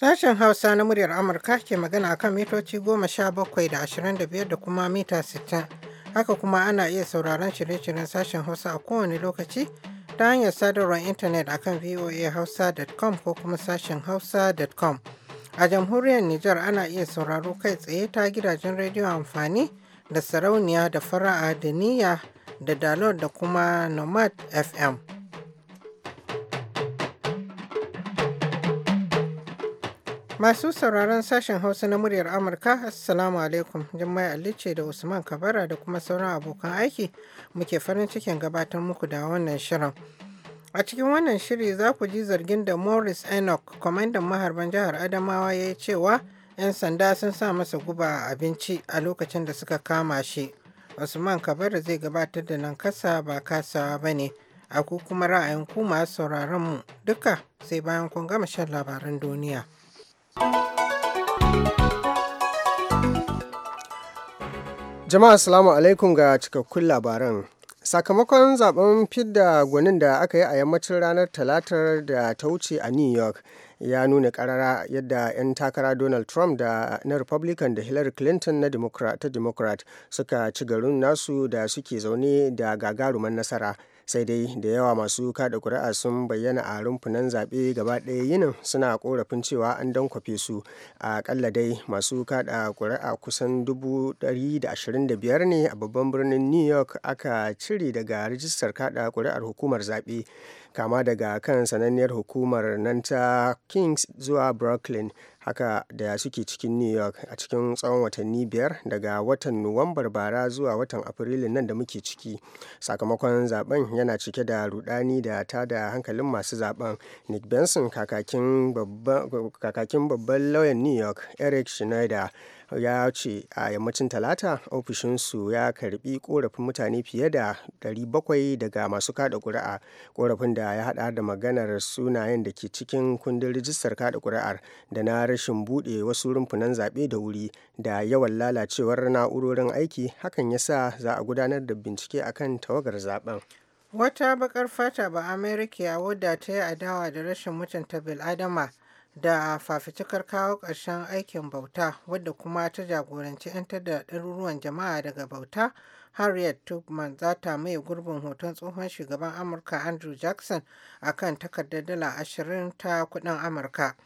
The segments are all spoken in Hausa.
Sashen Hausa na muryar Amurka ke magana kan mitoci goma sha bakwai da ashirin da biyar da kuma mita sittin. Haka kuma ana iya sauraron shirye-shiryen sashen Hausa a kowane lokaci ta hanyar sadarwar intanet a akan voahausa.com ko kuma sashen hausa.com. A jamhuriyar Nijar ana iya sauraro kai tsaye ta gidajen rediyo amfani da sarauniya da fara'a da niyya da dalot da kuma nomad FM. Masu sauraron sashen Hausa na muryar Amurka, Assalamu alaikum. Jummai Ali ce da Usman Kabara da kuma sauran abokan aiki muke farin cikin gabatar muku da wannan shirin. A cikin wannan shiri za ku ji zargin da Morris Enoch, kwamandan maharban jihar Adamawa ya yi cewa 'yan sanda sun sa masa guba a abinci a lokacin da suka kama shi. Usman Kabara zai gabatar da nan kasa ba kasawa ba ne. A kuma ra'ayin ku masu sauraron mu duka sai bayan kun gama shan labaran duniya. Jama'a Assalamu alaikum ga cikakkun labaran. Sakamakon zaben fidda gwanin da aka yi a yammacin ranar talatar da ta wuce a New York ya nuna karara yadda 'yan takara Donald Trump da na Republican da Hillary Clinton na Democrat, ta Democrat suka ci garin nasu da suke zaune da gagaruman nasara. sai dai da yawa masu kada kuri'a sun bayyana a rumfunan zaɓe gaba ɗaya yinin suna korafin cewa an dankwafe su a ƙalla dai masu kada kuri'a kusan 125 ne a babban birnin new york aka cire daga rijistar kada kuri'ar hukumar zaɓe kama daga kan sananniyar hukumar nan ta kings zuwa brooklyn haka da suke cikin new york a cikin tsawon watanni biyar daga watan nuwambar bara zuwa watan afrilu nan da muke ciki sakamakon zaben yana cike da rudani da ta da hankalin masu zaben nick benson kakakin babban lauyan new york eric schneider ya ce a yammacin talata ofishinsu ya karbi korafin mutane fiye da 700 daga masu kada kuri'a korafin da ya hada da maganar sunayen da ke cikin kundin rijistar kada kuri'ar da na rashin bude wasu rumfunan zaɓe da wuri da yawan lalacewar na'urorin aiki hakan ya sa za a gudanar da bincike akan tawagar zaben wata bakar fata ba amerika wadda ta yi adawa da rashin mutunta bil'adama da fafutukar kawo ƙarshen aikin bauta wadda kuma ta jagoranci 'yantar da ɗaruruwan jama'a daga bauta harriet tubman za ta maye gurbin hoton tsohon shugaban amurka andrew jackson a kan takardar dala ashirin ta kudin amurka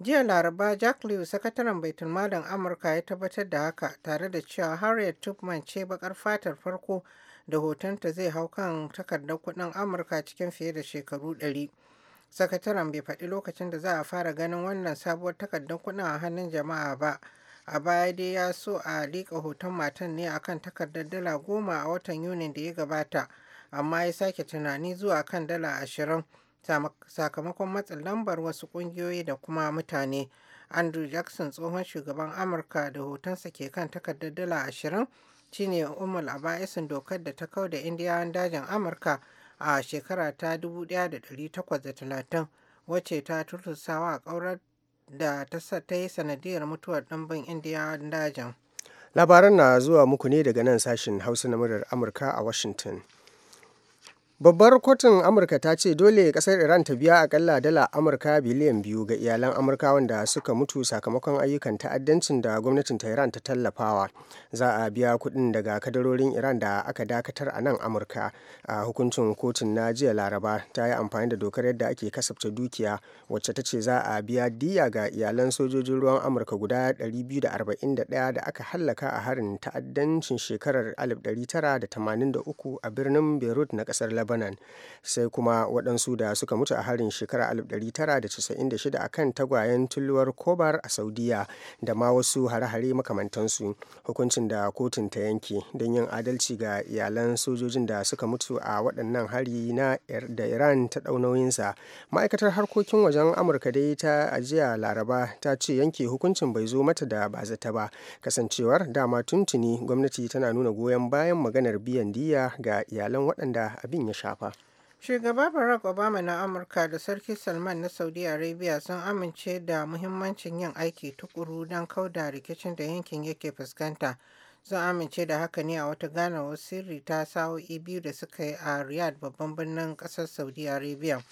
jiya laraba jack lew sakataren Malam amurka ya tabbatar da haka tare da cewa harriet tubman ce bakar fatar farko da hotonta zai hau kan takardar kudin amurka cikin fiye da shekaru ɗari. sakataren bai faɗi lokacin da za a fara ganin wannan sabuwar takardar kuɗin a hannun jama'a ba a baya dai ya so a liƙa hoton matan ne akan takardar dala goma a watan Yuni da ya gabata amma ya sake tunani zuwa kan dala ashirin sakamakon matsin lambar wasu ƙungiyoyi da kuma mutane andrew jackson tsohon shugaban amurka da hotonsa ke kan takardar dala ashirin shine umar aba'isin dokar da ta kau da indiyawan dajin amurka a shekara ta 1830 wacce ta turtusawa ƙaurar da ta yi sanadiyar mutuwar ɗanban indiya dajin labaran na zuwa muku ne daga nan sashen hausa na murar amurka a washington Babbar kotun Amurka ta ce dole kasar Iran ta biya akalla dala Amurka biliyan biyu ga iyalan amurka wanda suka mutu sakamakon ayyukan ta'addancin da gwamnatin Tehran ta tallafawa. Za a biya kuɗin daga kadarorin Iran da aka dakatar a nan Amurka. A hukuncin kotun na jiya Laraba ta yi amfani da dokar yadda ake kasafta dukiya wacce ta ce za a biya diya ga iyalan sojojin ruwan Amurka guda 241 da aka hallaka a harin ta'addancin shekarar 1983 a birnin Beirut na kasar Lebanon. lebanon sai kuma waɗansu da suka mutu a harin shekara 1996 a kan tagwayen tulluwar kobar a saudiya da ma wasu hare-hare makamantansu hukuncin da kotun ta yanke don yin adalci ga iyalan sojojin da suka mutu a waɗannan hari na da iran ta nauyinsa ma'aikatar harkokin wajen amurka dai ta ajiya laraba ta ce yanke hukuncin bai zo mata da ba zata ba kasancewar dama tuntuni gwamnati tana nuna goyon bayan maganar biyan diya ga iyalan waɗanda abin ya shafa. Shugaba Barack Obama na Amurka da Sarki Salman na Saudi Arabia sun amince da muhimmancin yin aiki tukuru don kauda rikicin da yankin yake fuskanta. Sun amince da haka ne a wata ganawar sirri ta sa'o'i biyu da suka yi a Riyadh babban birnin ƙasar Saudi Arabia.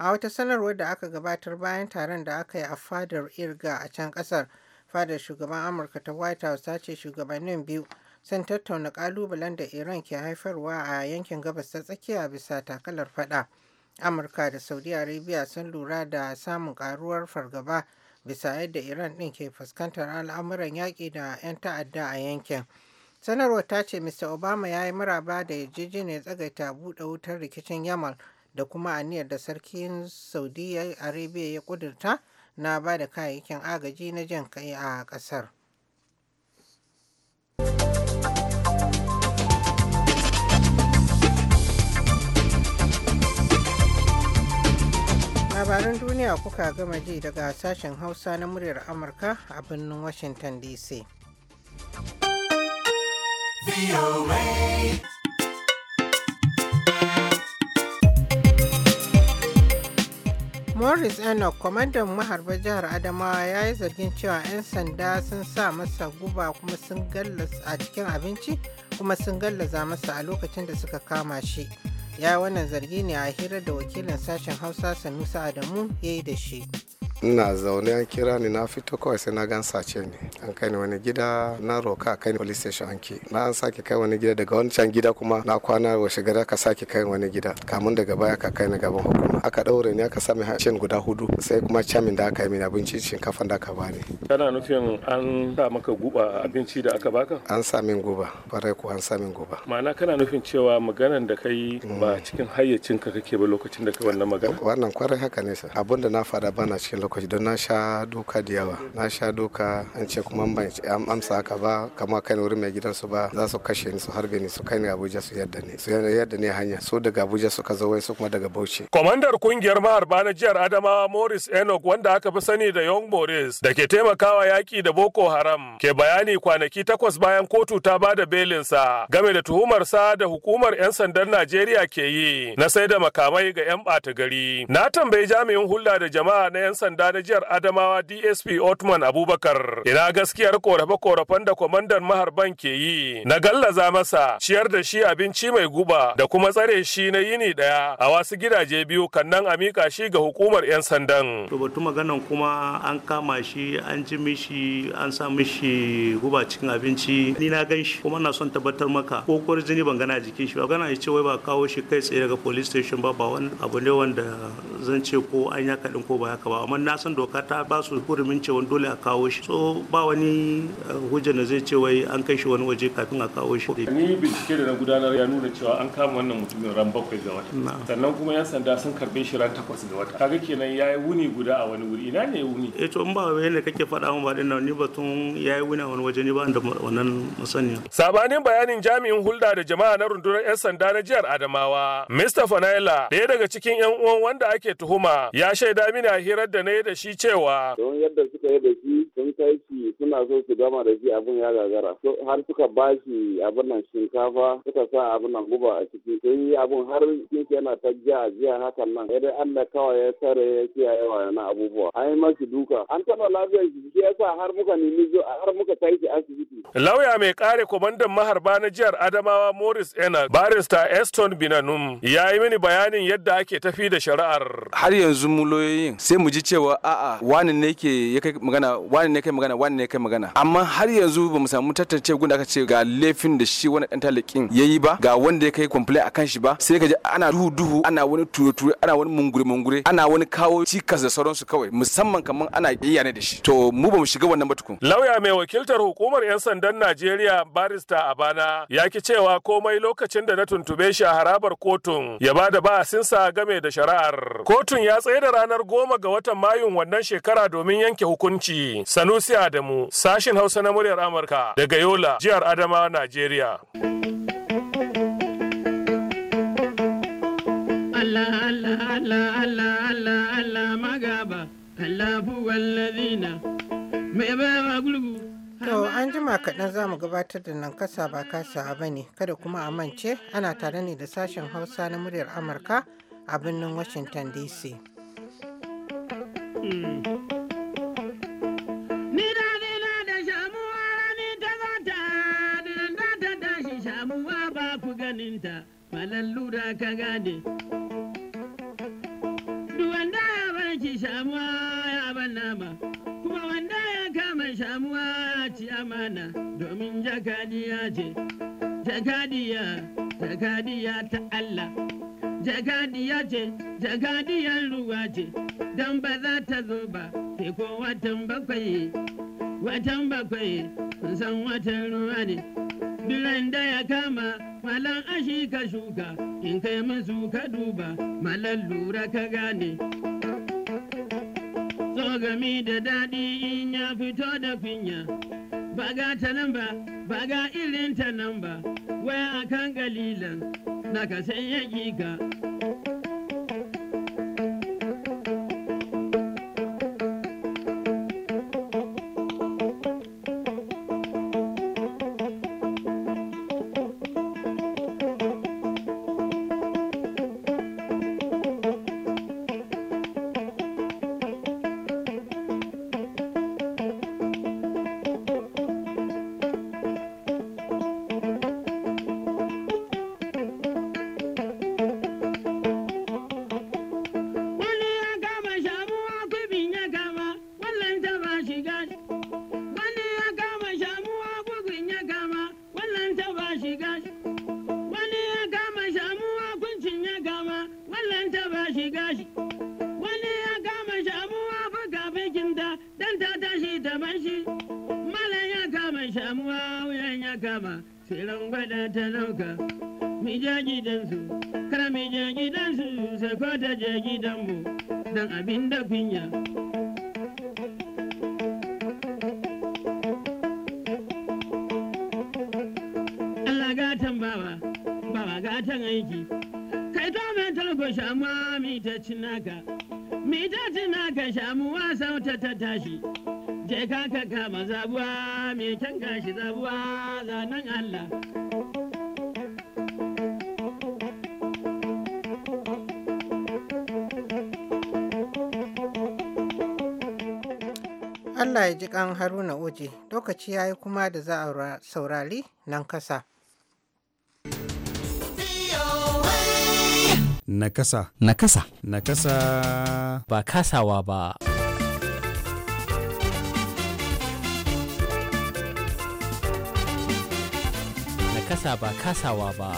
A wata sanarwar da aka gabatar bayan taron da aka yi a fadar Irga a can ƙasar, fadar shugaban Amurka ta White House ta ce shugabannin biyu sun tattauna kalubalen da Iran ke haifarwa a yankin gabas ta tsakiya bisa takalar fada. Amurka da Saudi Arabia sun lura da samun karuwar fargaba bisa yadda Iran ɗin ke fuskantar al'amuran yaƙi da 'yan ta'adda a yankin. Sanarwar ta ce Mr. Obama ya yi maraba da yarjejeniyar tsagaita buɗe wutar rikicin Yamal da kuma aniyar da sarkin Saudi Arabia ya ƙudurta na ba da kayayyakin agaji na jin kai a ƙasar. labaran duniya kuka gama ji daga sashen hausa na muryar amurka a birnin washington dc morris enoch kwamandan maharba jihar adamawa ya yi zargin cewa 'yan sanda sun sa masa guba kuma sun a cikin abinci kuma sun gallaza masa a lokacin da suka kama shi ya wannan zargi ne a hirar da wakilin sashen hausa sanusa adamu ya yi da shi ina zaune an kira ni na fito kawai sai na gan sace ne an kai ni wani gida na roka kai ni police station an ke na an sake kai wani gida daga wani can gida kuma na kwana washe gada ka sake kai wani gida kamun daga baya ka kai ni gaban hukuma aka daure ni aka sami hacin guda hudu sai kuma camin da aka yi mini abinci shinkafa da aka bani kana nufin an sa maka guba abinci da aka baka an sa min guba farai ko an sa min guba ma'ana kana nufin cewa maganan da kai ba mm. cikin hayyacinka kake ba lokacin da kai wannan magana wannan kwarai haka ne sa abinda na faɗa bana cikin lokacin lokaci don na sha doka da yawa na sha doka an ce kuma ban amsa haka ba kama kai wurin mai gidansu ba za su kashe ni su harbe ni su kai ni abuja su yadda ne su yadda ne hanya su daga abuja suka zo wai su kuma daga bauchi. kwamandar kungiyar maharba na jihar adamawa morris enoch wanda aka fi sani da young morris da ke taimakawa yaki da boko haram ke bayani kwanaki takwas bayan kotu ta ba da belinsa game da tuhumar sa da hukumar 'yan sandan najeriya ke yi na sai da makamai ga 'yan ɓata gari na tambayi jami'in hulɗa da jama'a na 'yan sandan. sanda na jihar Adamawa DSP Otman Abubakar ina gaskiyar korafe-korafen da kwamandan maharban ke yi na gallaza masa ciyar da shi abinci mai guba da kuma tsare shi na yini daya a wasu gidaje biyu kannan a mika shi ga hukumar 'yan sandan. To batu maganan kuma an kama shi an ji mishi an sa mishi guba cikin abinci ni na gan shi kuma na son tabbatar maka ko kwar jini ban gana jikin shi ba gana ya ce wai ba kawo shi kai tsaye daga police station ba ba wani abu ne wanda zan ce ko an ya kaɗin ko ba yaka ba amma na san doka ta ba su hurumin cewa dole a kawo shi so ba wani eh, hujja da zai ce wai an kai shi wani waje kafin a kawo shi ni bincike da na gudanar ya nuna cewa an kama wannan mutumin ran bakwai ga wata sannan kuma yan sanda sun karbe shi ran takwas ga wata kaga kenan yayi wuni guda a wani wuri ina ne wuni eh to in ba wai ne kake faɗa mun ba din nan ni batun yayi wuni a wani waje ni ba da wannan masaniya sabanin bayanin jami'in hulɗa da jama'a na rundunar yan sanda na jihar Adamawa Mr. Fanaila ɗaya daga cikin yan uwan wanda ake tuhuma ya shaida mini a hirar da na yi da shi cewa. Don yadda suka yi da shi sun kai shi suna so su gama da shi abin ya gagara. Har suka ba shi abin nan shinkafa suka sa abin nan guba a ciki. yi abin har kinsa yana ta a jiya hakan nan. Sai dai Allah kawai ya tare ya kiyaye wa na abubuwa. An yi masu duka. An taba lafiyar shi shi yasa har muka nemi zo har muka kai shi asibiti. Lauya mai kare kwamandan maharba na jihar Adamawa Morris Ena barista Eston Binanum ya yi mini bayanin yadda ake tafi da shari'ar. Har yanzu mu loyoyin sai mu ji cewa cewa a'a wani ne ke ya kai magana wani ne kai magana wani ne kai magana amma har yanzu ba mu samu gun da aka ce ga laifin da shi wani dan talakin yayi ba ga wanda ya kai complain akan shi ba sai ka ji ana duhu duhu ana wani ture ture ana wani mungure mungure ana wani kawo cikas da sauran su kawai musamman kamar ana iya ne da shi to mu ba mu shiga wannan ba tukun lauya mai wakiltar hukumar yan sandan Najeriya barista Abana ya ki cewa komai lokacin da na tuntube shi a harabar kotun ya bada sinsa game da shari'ar kotun ya tsaye da ranar goma ga watan Mayun wannan shekara domin yanke hukunci. Sanusi Adamu, sashin Hausa na muryar Amurka daga Yola, jihar adama Najeriya. Allah To an jima kaɗan za mu gabatar da nan kasa ba kasa ba ne kada kuma a mance ana tare ne da sashen hausa na muryar Amurka a birnin Washington DC. ganinta falallu da ka gane. Duk ya barki shamuwa ya ban nama, kuma wanda ya kama shamuwa ya ci amana domin jakadiya ce, jakadiya ta Allah. jagadiya ce jagadiyar ruwa ce don ba za ta zo ba sai ko watan bakwai watan bakwai san watan ruwa ne biran da ya kama malan ashi ka shuka in kai musu ka duba malan lura ka gane tsogami da daɗi in ya fito da kunya ba ga ta nan ba ba ga irin ta nan ba wai akan galilan naka giga. za ta je gidanmu don abin da kunya. Allah gatan bawa, bawa gatan aiki. Kai to mai talko shamuwa mita cinaka, mita cinaka shamuwa sauta ta tashi. Je ka kama zabuwa, mai kyan gashi zabuwa zanen Allah. Allah ya ji kan Haruna Oji lokaci ya yi kuma da za a saurari nan kasa. Nakasa. Nakasa. Nakasa. Ba kasawa ba. Nakasa ba kasawa ba.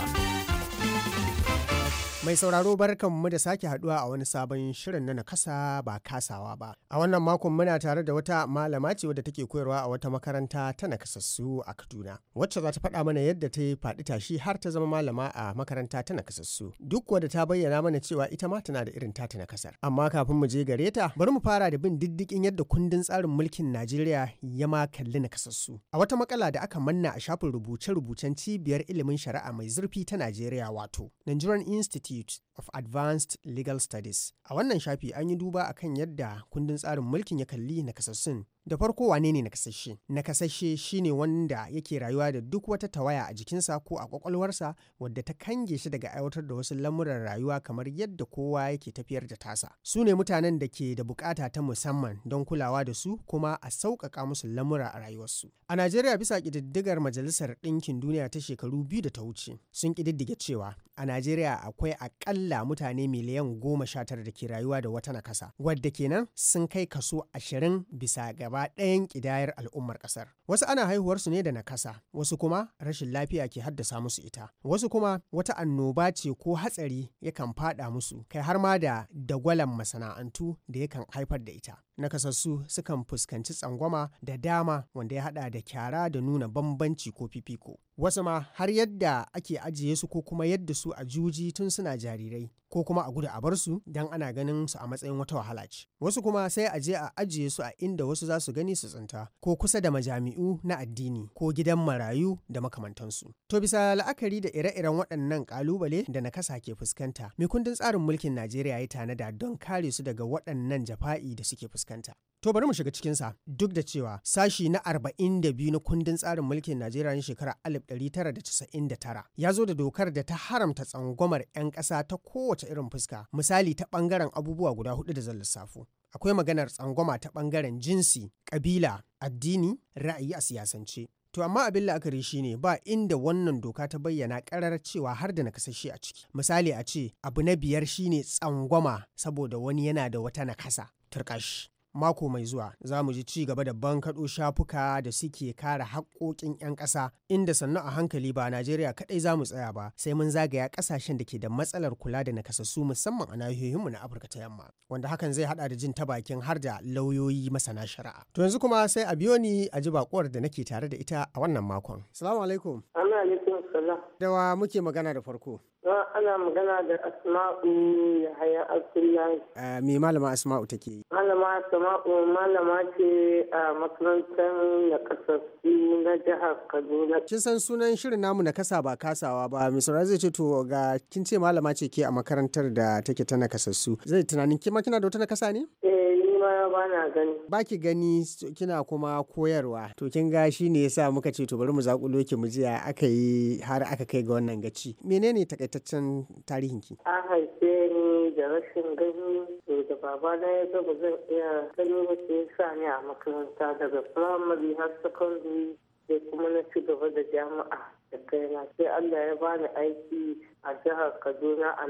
Mai sauraro mu da sake haduwa a wani sabon shirin na nakasa ba kasawa ba. A wannan makon muna tare da wata malama ce wadda take koyarwa a wata makaranta ta nakasassu a Kaduna. Wacce za ta faɗa mana yadda ta yi faɗi tashi har ta zama malama a makaranta ta nakasassu. Duk wadda ta bayyana mana cewa ita ma tana da irin ta ta nakasar. Amma kafin mu je gare ta, bari mu fara da bin diddigin yadda kundin tsarin mulkin Najeriya ya ma kalli nakasassu. A wata makala da aka manna a shafin rubuce-rubucen cibiyar ilimin shari'a mai zurfi ta Najeriya wato Nigerian Institute Institute of Advanced Legal Studies. A wannan shafi an yi duba a kan yadda kundin tsarin mulkin ya kalli na kasassun. Da farko wane ne nakasashe? Nakasashe shine wanda yake rayuwa da duk wata tawaya a jikinsa ko a kwakwalwarsa wadda ta kange shi daga aiwatar da wasu lamuran rayuwa kamar yadda kowa yake tafiyar da tasa. Su ne mutanen da ke da bukata ta musamman don kulawa da su kuma a sauƙaƙa musu lamura a rayuwarsu. A Najeriya bisa ƙididdigar Majalisar Ɗinkin Duniya ta shekaru biyu da ta wuce sun ƙididdige cewa a Najeriya akwai aƙalla mutane miliyan goma sha tara da ke rayuwa da wata nakasa wadda kenan sun kai kaso ashirin bisa gaba gaba ɗayan ƙidayar al'ummar ƙasar. Wasu ana haihuwarsu ne da nakasa, wasu kuma rashin lafiya ke haddasa musu ita, wasu kuma wata annoba ce ko hatsari yakan faɗa musu, kai har ma da dagwalan masana'antu da yakan haifar da ita. nakasassu sukan fuskanci tsangwama da dama wanda ya haɗa da kyara da nuna bambanci ko fifiko wasu ma har yadda ake ajiye su ko kuma yadda su a juji tun suna jarirai ko kuma a gudu a bar su don ana ganin su a matsayin wata wahala ce wasu kuma sai a je a ajiye su a inda wasu za su gani su tsinta ko kusa da majami'u na addini ko gidan marayu da makamantansu to bisa la'akari da ire-iren waɗannan kalubale da na kasa ke fuskanta me kundin tsarin mulkin najeriya ya tanada don kare su daga waɗannan jafa'i da suke fuskanta To bari mu shiga cikinsa duk da cewa sashi na 42 na kundin tsarin mulkin Najeriya na shekarar 1999 ya zo da dokar da ta haramta tsangwamar 'yan ƙasa ta kowace irin fuska misali ta ɓangaren abubuwa guda hudu da zan lissafo. Akwai maganar tsangwama ta ɓangaren jinsi, ƙabila, addini, ra'ayi a siyasance. To amma abin la'akari shine ba inda wannan doka ta bayyana karar cewa har da nakasashe a ciki. Misali a ce abu na biyar shine tsangwama saboda wani yana da wata nakasa turkashi. mako mai zuwa za mu ji ci gaba da bankaɗo shafuka da suke kare haƙƙoƙin 'yan ƙasa inda sannu a hankali ba Najeriya kaɗai za mu tsaya ba sai mun zagaya ƙasashen da ke da matsalar kula da nakasassu musamman a nahiyoyinmu na Afirka ta Yamma wanda hakan zai haɗa da jin ta bakin har da lauyoyi masana shari'a. To yanzu kuma sai a biyo ni a ji bakuwar da nake tare da ita a wannan makon. Salamu alaikum. alaikum salam. Dawa muke magana da farko. Ah, ana magana da Asma'u ya Abdullahi. Eh, me malama Asma'u take yi? Malama Asma'u malama ce a makarantar nakasassu na jihar Kaduna. Kin san sunan shirin namu na kasa ba kasawa ba, Mr. zai ce to ga kin ce malama ce ke a makarantar da take ta nakasassu. Zai tunanin kima kina da wata nakasa ne? Eh, ni na gani. Ba ki gani kina kuma koyarwa. To kin ga shi ne yasa muka ce to bari mu zakulo ki mu jiya aka yi har aka kai ga wannan gaci. Menene takaitaccen tarihin ki? A haife ni da rashin gani babana ya ga ba zan iya gani ba ke sa ni a makaranta daga firamare har sakandare sai kuma na ci gaba da jami'a da kaina sai Allah ya bani aiki a jihar Kaduna a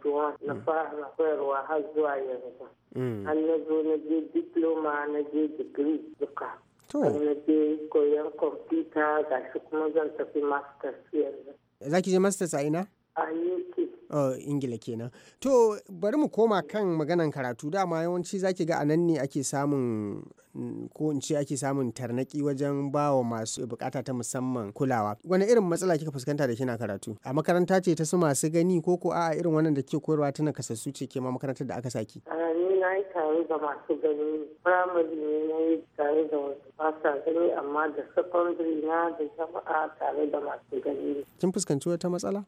1991 na mm. fara koyarwa har zuwa yanzu. Mm. An na zo na je diploma na je digiri duka. Na je koyon kwamfuta gashi kuma zan tafi masters yanzu. Za ki je masters a ina? a oh, Ingila kenan. To bari mu koma kan maganan karatu dama yawanci zaki ga anan ne ake samun ko in ce ake samun tarnaki wajen bawa masu bukata ta musamman kulawa. Wani irin matsala kika fuskanta da kina karatu? A makaranta ce ta su masu gani ko ko a irin wannan da ke koyarwa tana kasassu ce ke ma makarantar da aka saki? Eh, ni na yi tare da masu gani. Firamare ne na yi tare da wasu fasa gani amma da secondary na da jama'a tare da masu gani. Kin fuskanci wata matsala?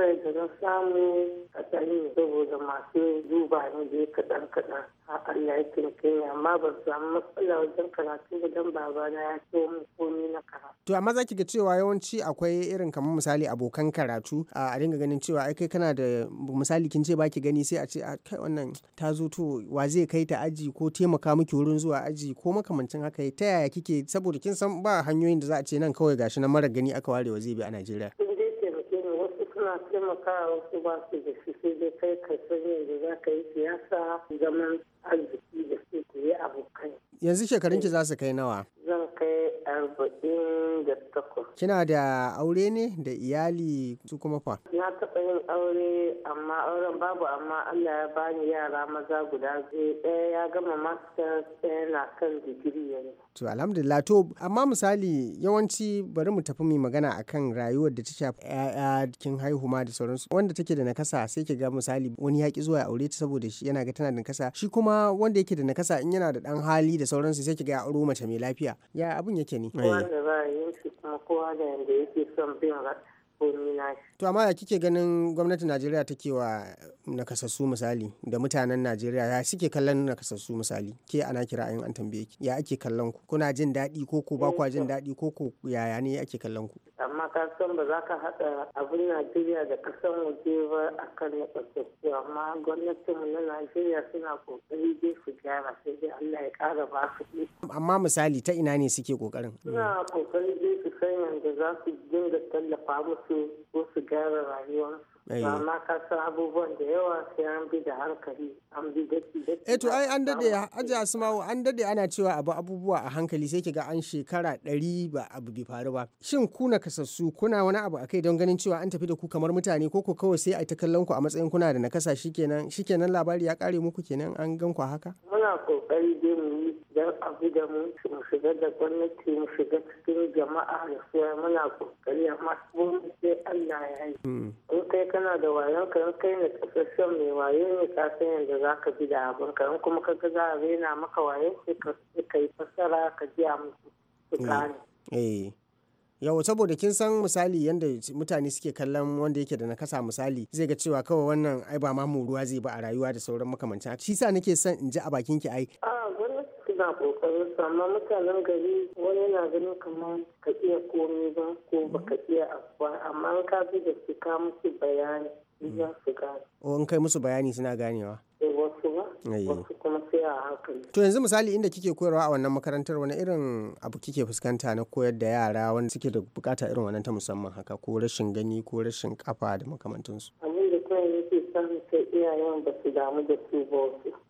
bai da na samu kaɗan saboda masu duba ne ya kaɗan kaɗan a Allah ya kai amma ban samu matsala wajen karatu baba babana ya so mu komi na karatu. To amma za ki ga cewa yawanci akwai irin kamar misali abokan karatu a dinga ganin cewa ai kai kana da misali kin ce baki gani sai a ce a kai wannan ta zo to wa zai kai ta aji ko taimaka miki wurin zuwa aji ko makamancin haka ta yaya kike saboda kin san ba hanyoyin da za a ce nan kawai gashi na mara gani aka ware wa zai bi a Najeriya. suna taimakawa wasu ba su da shi sai dai kai ka san yadda za ka yi siyasa zaman arziki da su ku yi abokai. Yanzu shekarunki za su kai nawa? Zan kai arba'in da takwas. Kina da aure ne da iyali su kuma fa? Na yin aure amma auren babu amma Allah ya bani yara maza guda ɗaya ya gama masters ɗaya na kan digiri yanzu. To alhamdulillah to amma misali yawanci bari mu tafi mai magana akan rayuwar da ta shafi ƴaƴa kin haihu ma da sauransu wanda take da nakasa sai ki ga misali wani ya ki zuwa aure ta saboda shi yana ga tana da nakasa shi kuma wanda yake da nakasa in yana da dan hali da sauransu sai ki ga ya auro mace mai lafiya ya abun yake ne. Kowa da ra'ayin shi kuma kowa da yanda yake son bin komi To amma ya kike ganin gwamnatin Najeriya take wa nakasassu misali da mutanen Najeriya ya suke kallon nakasassu misali ke ana ayin an tambaye ki ya ake kallon ku kuna jin daɗi ko ku ba kwa jin eh daɗi ko ku yaya ne ake kallon ku. Amma ka san ba za ka haɗa abin Najeriya da kasan waje ba akan nakasassu amma mu na Najeriya suna kokari dai su gyara sai dai Allah ya ƙara ba su. Amma misali ta ina ne suke kokarin? Suna kokari dai san da za su dinga tallafa musu ko su gyara rayuwarsu amma ka san abubuwan da yawa sai an bi da hankali an bi daki daki eh to ai an dade aji asmawo an dade ana cewa abu abubuwa a hankali sai kiga an shekara ɗari ba abu bai faru ba shin kuna kasassu kuna wani abu akai don ganin cewa an tafi da ku kamar mutane ko ku kawai sai a ta kallon ku a matsayin kuna da nakasa shikenan shikenan labari ya kare muku kenan an gan ku haka muna kokari dai mu don abu da mu mu shiga da gwamnati mu shiga cikin jama'a da siya muna kokari amma mu sai Allah ya yi. Hmm. In kai kana da wayon ka in kai na kasashen mai waye ne ka san yadda za ka bi da abin ka in kuma ka ga za a rena maka waye sai ka yi fassara ka ji a musu. Hmm. Eh. yawo saboda kin san misali yadda mutane suke kallon wanda yake da nakasa misali zai ga cewa kawai wannan ai ba ma ruwa zai ba a rayuwa da sauran makamanta shi sa nake son in ji a bakin ki ai ah, ina kokarin amma mutanen gari wani yana ganin kamar ka iya komi ba ko ba ka iya abuwa amma an ka bi da su ka musu bayani za su gane. in kai musu bayani suna ganewa. E, wasu ba wasu kuma sai a hankali. To yanzu misali inda kike koyarwa a wannan makarantar wani irin abu kike fuskanta na koyar da yara wanda suke da bukata irin wannan ta musamman haka ko rashin gani ko rashin kafa da makamantansu. iyayen damu da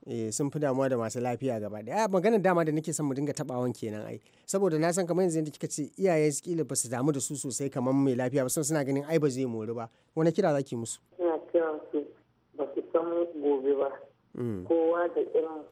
eh sun fi damuwa da masu lafiya gaba ɗaya a ah, maganar dama da nake son mu dinga tabawan kenan ai saboda na san kamar yanzu yadda kika ce iyaye su kila ba su damu da su sosai kamar mai lafiya ba suna ganin ai ba zai mori ba wani kira zaki musu ina kiran su ba su san gobe ba hmm. kowa da irin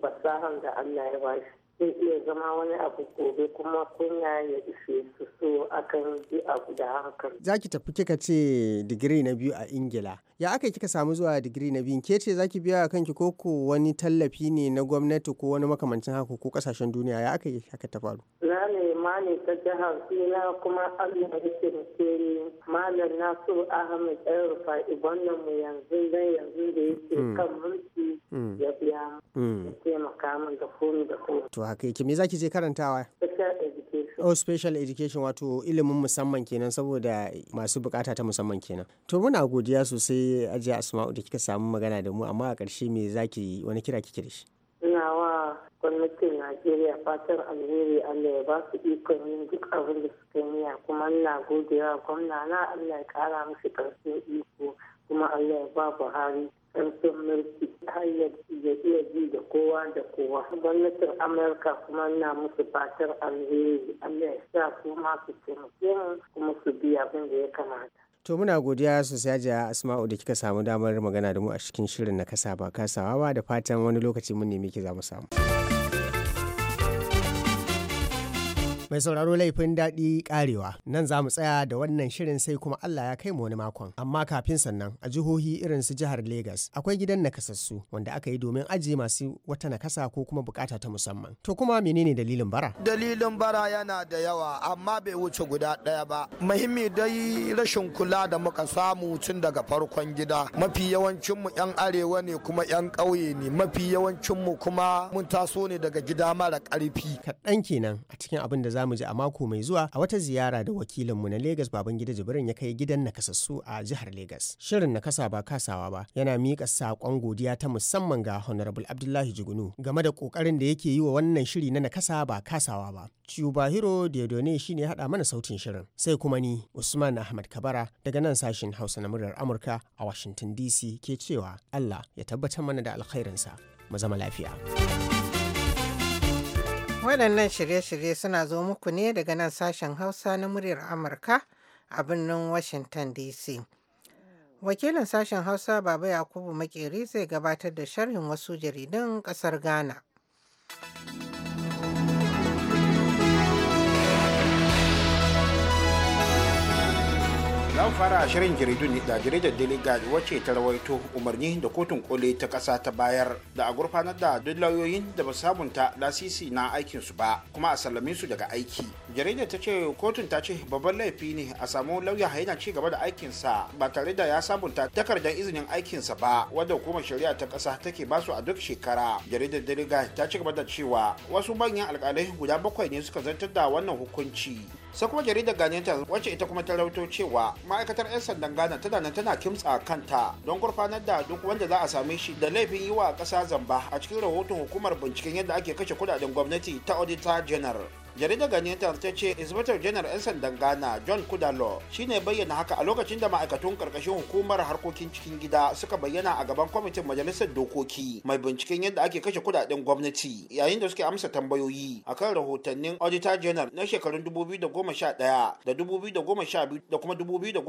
fasahar da Allah ya ba zai iya zama wani abu gobe kuma kunya ya ishe su so akan bi abu da hankali. Za ki tafi kika ce digiri na biyu a Ingila. Ya aka kika samu zuwa digiri na biyu? Ke ce za ki biya kanki ko ko wani tallafi ne na gwamnati ko wani makamancin haka ko kasashen duniya ya aka yi haka ta faru? Na nema ne ta jihar Sina kuma Allah ya ke ni Malam Nasiru Ahmed ɗan Fa'i wannan mu yanzu zai yanzu da yake mm. kan mulki mm. ya biya mm. ya da komi da komi. haka yake me zaki je karantawa Oh, special education wato ilimin musamman kenan saboda masu bukata ta musamman kenan. To muna godiya sosai ajiye Asma'u da kika samu magana da mu amma a ƙarshe me zaki wani kira kike da shi? Ina wa gwamnatin Najeriya fatan alheri Allah ya ba su ikon yin duk abin da suka yi kuma ina godiya gwamna na Allah ya kara musu ƙarfin iko kuma Allah ya ba Buhari san mulki hanyar da iya ji da kowa da kowa gwamnatin amurka kuma na musu fatar alheri allah ya sa su masu mu kuma su biya abin da ya kamata To muna godiya sosai hajiya Asma'u da kika samu damar magana da mu a cikin shirin na kasa ba kasawa ba da fatan wani lokaci mun nemi ki za mu samu. Mai sauraro laifin daɗi karewa, Nan za mu tsaya da wannan shirin sai kuma Allah ya kai mu wani makon. Amma kafin sannan a jihohi irin su jihar Legas akwai gidan nakasassu wanda aka yi domin ajiye masu wata nakasa ko kuma bukata ta musamman. To kuma menene dalilin bara? Dalilin bara yana da yawa amma bai wuce guda ɗaya ba. Muhimmi dai rashin kula da muka samu tun daga farkon gida. Mafi yawancin mu 'yan arewa ne kuma 'yan ƙauye ne. Mafi yawancin mu kuma mun taso ne daga gida mara ƙarfi. Kaɗan kenan a cikin abin da za za mu ji a mako mai zuwa a wata ziyara da wakilinmu na Legas Babangida Jibrin ya kai gidan nakasassu a jihar Legas. Shirin nakasa ba kasawa ba yana miƙa saƙon godiya ta musamman ga Honorable Abdullahi Jigunu game da ƙoƙarin da yake yi wa wannan shiri na nakasa ba kasawa ba. Chubahiro Diodone shi ne haɗa mana sautin shirin. Sai kuma ni Usman Ahmad Kabara daga nan sashin Hausa na muryar Amurka a Washington DC ke cewa Allah ya tabbatar mana da alkhairinsa. Mu zama lafiya. Waɗannan shirye-shirye suna zo muku ne daga nan sashen Hausa na muryar Amurka a birnin Washington DC. Wakilin sashen Hausa Baba Yakubu Makeri zai gabatar da sharhin wasu jaridun ƙasar Ghana. za fara shirin jaridun ne da jaridar daily guide wacce ta rawaito umarni da kotun koli ta ƙasa ta bayar da a gurfanar da duk lauyoyin da ba sabunta lasisi na aikinsu ba kuma a sallame su daga aiki jaridar ta ce kotun ta ce babban laifi ne a samu lauya yana ci gaba da aikinsa ba tare da ya sabunta takardar izinin aikinsa ba wadda hukumar shari'a ta ƙasa take basu a duk shekara jaridar daily ta ci gaba da cewa wasu manyan alƙalai guda bakwai ne suka zartar da wannan hukunci sai kuma jaridar ganiyanta wacce ita kuma ta rauto cewa ma'aikatar 'yan sandan ghana tana nan tana kimtsa kanta don gurfanar da duk wanda za a same shi da laifin yi wa ƙasa zamba a cikin rahoton hukumar binciken yadda ake kashe kudaden gwamnati ta auditor general jaridar ganyen ta ce inspector janar 'yan sandan ghana john kudalo shine bayyana haka a lokacin da ma'aikatun karkashin hukumar harkokin cikin gida suka bayyana a gaban kwamitin majalisar dokoki mai binciken yadda ake kashe kudaden gwamnati yayin da suke amsa tambayoyi akan rahotannin auditor general na shekarun 2011 da 2012 da kuma 2013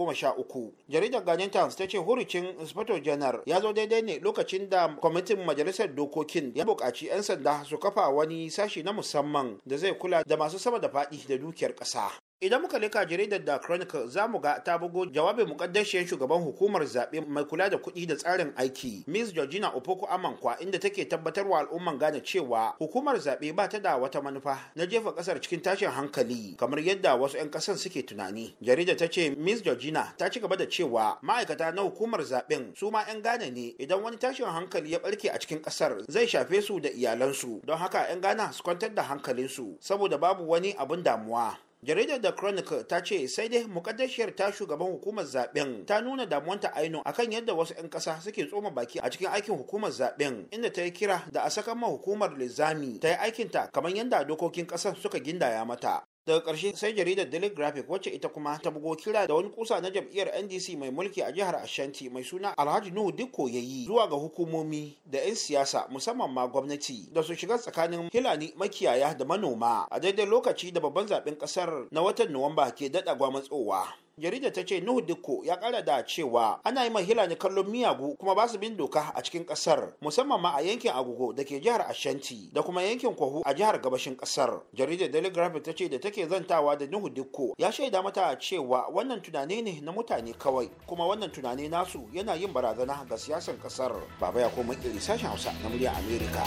jaridar ganyen ta ce hurucin inspector janar ya zo daidai ne lokacin da kwamitin majalisar dokokin ya buƙaci 'yan sanda su kafa wani sashi na musamman da zai kula da da masu sama da faɗi da dukiyar ƙasa idan muka leka jaridar da chronicle za mu ga ta bugo jawabin mukaddashiyar shugaban hukumar zaɓe mai kula da kuɗi da tsarin aiki miss georgina opoku amankwa inda take tabbatar wa al'umman gane cewa hukumar zaɓe ba ta da wata manufa na jefa ƙasar cikin tashin hankali kamar yadda wasu 'yan ƙasar suke tunani jaridar ta ce miss georgina ta ci gaba da cewa ma'aikata na hukumar zaɓen su ma 'yan gane ne idan wani tashin hankali ya ɓarke a cikin ƙasar zai shafe su da iyalansu don haka 'yan gana su kwantar da hankalinsu saboda babu wani abin damuwa jaridar da chronicle ta ce sai dai mukaddashiyar ta shugaban hukumar zaben ta nuna damuwanta aino akan yadda wasu 'yan kasa suke tsoma baki a cikin aikin hukumar zaben inda ta yi kira da a saka hukumar lizami ta yi aikinta kamar yadda dokokin kasar suka gindaya mata daga ƙarshe sai jaridar daily graphic wacce ita kuma ta bugo kira da wani kusa na jam'iyyar ndc mai mulki a jihar ashanti mai suna alhaji nuhu dikko ya yi zuwa ga hukumomi da 'yan siyasa musamman ma gwamnati da su shiga tsakanin hilani makiyaya da manoma a daidai lokaci da babban zaben ƙasar na watan nuwamba ke daɗa gwamatsowa Jarida ta ce Nuhu Dikko ya kara da cewa ana yi mahila ne kallon miyagu kuma ba su bin doka a cikin kasar musamman ma a yankin Agogo da ke jihar Ashanti da kuma yankin Kwahu a jihar gabashin kasar. Jaridar Daily Graphic ta ce da take zantawa da Nuhu Dikko ya shaida mata cewa wannan tunani ne na mutane kawai kuma wannan tunani nasu yana yin barazana ga siyasan kasar. Baba ya koma iri sashen Hausa na murya Amerika.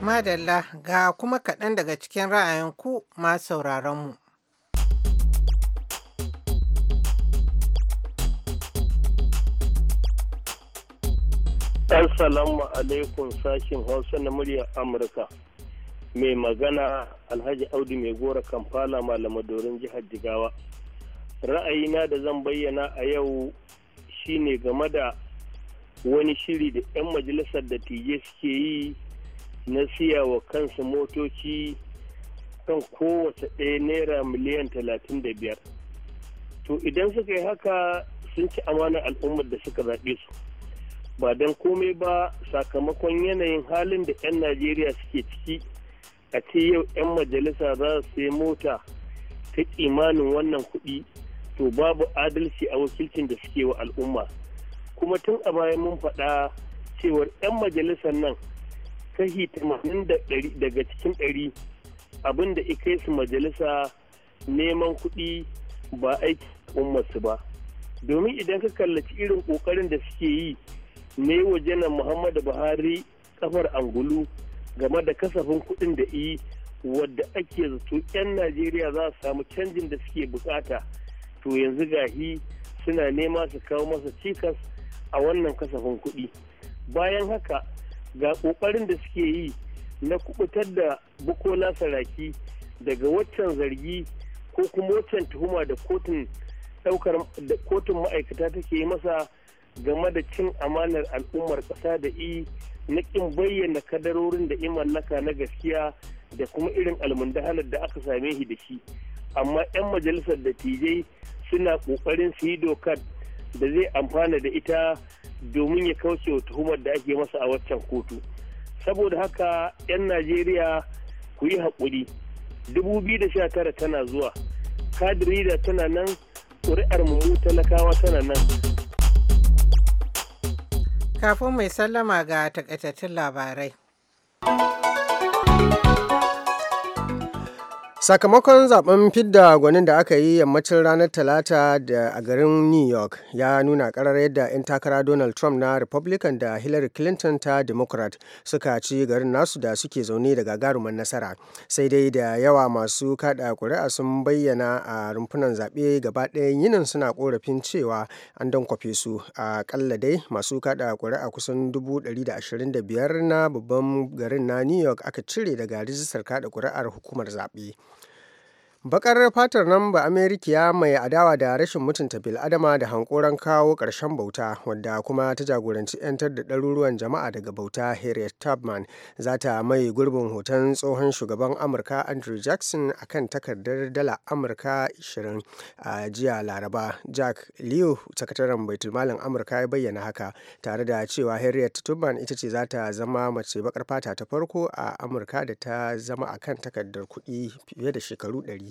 Madalla ga kuma kaɗan daga cikin ra'ayin ku ma sauraron mu. Assalamu alaikum sashen Hausa na muryar Amurka. Mai magana Alhaji Audu mai gora Kampala malamadorin jihar Jigawa. Ra'ayina da zan bayyana a yau shine game da wani shiri da 'yan majalisar da tije suke yi na siya wa kansu motoci kan kowace ɗaya naira miliyan 35. To idan suka yi haka sun ci amanar al'ummar da suka zaɓe su. ba don komai ba sakamakon yanayin halin da 'yan najeriya suke ciki a ce yau 'yan majalisa za su sai mota ta kimanin wannan kuɗi to babu adalci a wakilcin da suke wa al'umma kuma tun a baya mun faɗa cewar 'yan majalisar nan kashi 80 daga cikin ɗari abin da kai su majalisa neman kuɗi ba aiki su ba domin idan ka kallaci irin ƙoƙarin da suke yi ne waje na muhammadu buhari kafar angulu game da kasafin kudin da yi wadda ake zato 'yan najeriya za su samu canjin da suke bukata to yanzu gahi suna nema su kawo masa cikas a wannan kasafin kuɗi bayan haka ga ƙoƙarin da suke yi na kubutar da bukola saraki daga waccan zargi ko kuma waccan tuhuma da kotun ma'aikata take yi masa game da cin amanar al'ummar ƙasa da i na ƙin bayyana kadarorin da i mallaka na gaskiya da kuma irin almundahalar da aka same shi da shi amma 'yan majalisar da dattijai suna ƙoƙarin su yi dokar da zai amfana da ita domin ya kauce wa tuhumar da ake masa a waccan kotu saboda haka 'yan najeriya ku yi haƙuri tara tana zuwa kadirida tana nan ƙuri'ar mu talakawa tana nan Kafin mai sallama ga takaitattun labarai. sakamakon zaben fidda gwanin da aka yi yammacin ranar talata da a garin new york ya nuna karar yadda 'yan takara donald trump na republican da hillary clinton ta democrat suka ci garin nasu da suke zaune da gagarumin nasara sai dai da yawa masu kada kuri'a sun bayyana a rumfunan zaɓe gaba ɗayan yinin suna korafin cewa an don kwafe su a kalla dai masu kada kuri'a kusan 125 na babban garin na new york aka cire daga rijistar kada kuri'ar hukumar zaɓe. bakar fatar nan ba Amerikiya mai adawa da rashin mutunta bil'adama da hankoron kawo karshen bauta wadda kuma ta jagoranci 'yantar da ɗaruruwan jama'a daga bauta Harriet Tubman za ta mai gurbin hoton tsohon shugaban Amurka Andrew Jackson a kan takardar dala Amurka 20 a jiya Laraba. Jack Liu, sakataren baitulmalin Amurka ya bayyana haka tare da cewa Harriet Tubman ita ce za ta zama mace bakar fata ta farko a Amurka da ta zama a kan takardar kuɗi fiye da shekaru ɗari.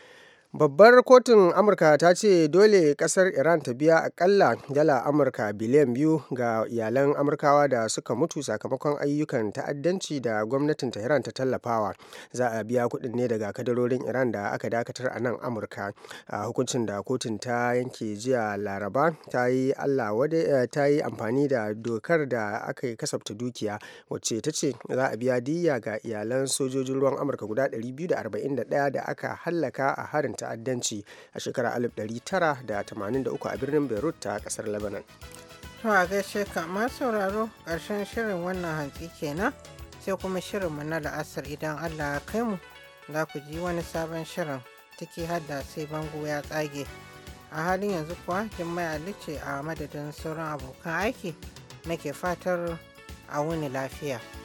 Babbar Kotun Amurka ta ce dole kasar Iran ta biya akalla dala Amurka biliyan biyu ga iyalan Amurkawa da suka mutu sakamakon ayyukan ta'addanci da gwamnatin Tehran ta tallafawa. Za a biya kuɗin ne daga kadarorin Iran da aka dakatar a nan Amurka. A hukuncin da kotun ta yanke jiya Laraba ta yi Allah wade eh, ta yi amfani da dokar da aka kasafta dukiya wacce ta ce za a biya diyya ga iyalan sojojin ruwan Amurka guda 241 da aka hallaka a harin ta'addanci a shekarar 1983 a birnin beirut ta kasar lebanon to a gaishe kamar sauraro ƙarshen shirin wannan hantsi kenan sai kuma shirin mu na la'asar idan allah ya kai mu za ku ji wani sabon shirin ciki har da sai bango ya tsage a halin yanzu kuwa jimma'a lice a madadin sauran abokan aiki nake fatar a wuni lafiya.